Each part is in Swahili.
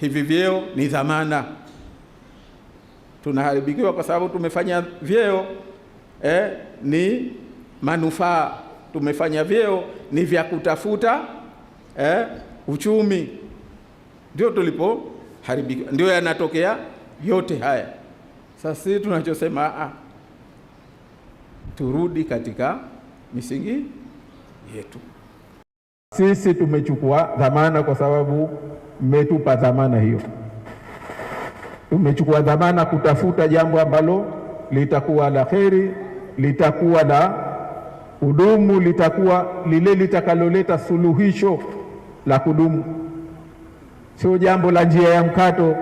hivi vyeo ni dhamana. Tunaharibikiwa kwa sababu tumefanya vyeo eh, ni manufaa, tumefanya vyeo ni vya kutafuta eh, uchumi. Ndio tulipoharibikiwa, ndio yanatokea yote haya. Sasa sisi tunachosema ah, turudi katika misingi yetu. Sisi tumechukua dhamana kwa sababu mmetupa dhamana hiyo, umechukua dhamana kutafuta jambo ambalo litakuwa la kheri, litakuwa la kudumu, litakuwa lile litakaloleta suluhisho la kudumu, sio jambo la njia ya mkato.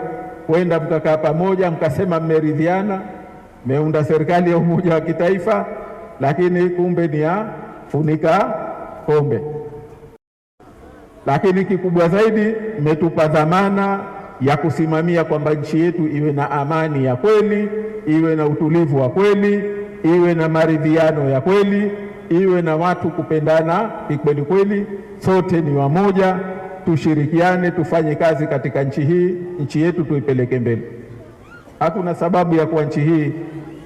Kwenda mkakaa pamoja mkasema mmeridhiana, mmeunda serikali ya umoja wa kitaifa, lakini kumbe ni ya funika kombe lakini kikubwa zaidi mmetupa dhamana ya kusimamia kwamba nchi yetu iwe na amani ya kweli, iwe na utulivu wa kweli, iwe na maridhiano ya kweli, iwe na watu kupendana kweli kweli. Sote ni wamoja, tushirikiane, tufanye kazi katika nchi hii, nchi yetu tuipeleke mbele. Hatuna sababu ya kuwa nchi hii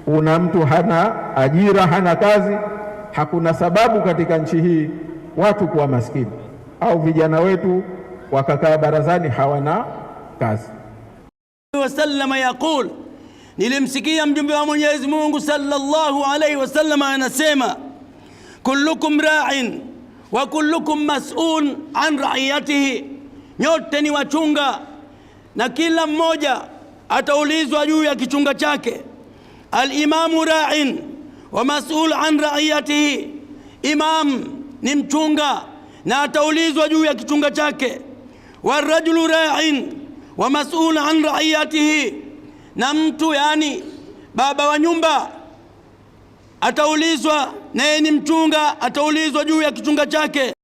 una mtu hana ajira, hana kazi. Hakuna sababu katika nchi hii watu kuwa maskini au vijana wetu wakakaa barazani hawana kazi. wasalama yaqul, nilimsikia mjumbe wa Mwenyezi Mungu sallallahu alaihi wasallam anasema, kullukum ra'in wa kullukum mas'ul an ra'iyatihi, nyote ni wachunga na kila mmoja ataulizwa juu ya kichunga chake. Alimamu ra'in wa mas'ul an ra'iyatihi, imam ni mchunga na ataulizwa juu ya kichunga chake. Warajulu ra'in wa mas'ul an ra'iyatihi, na mtu yani baba wa nyumba ataulizwa, naye ni mchunga, ataulizwa juu ya kichunga chake.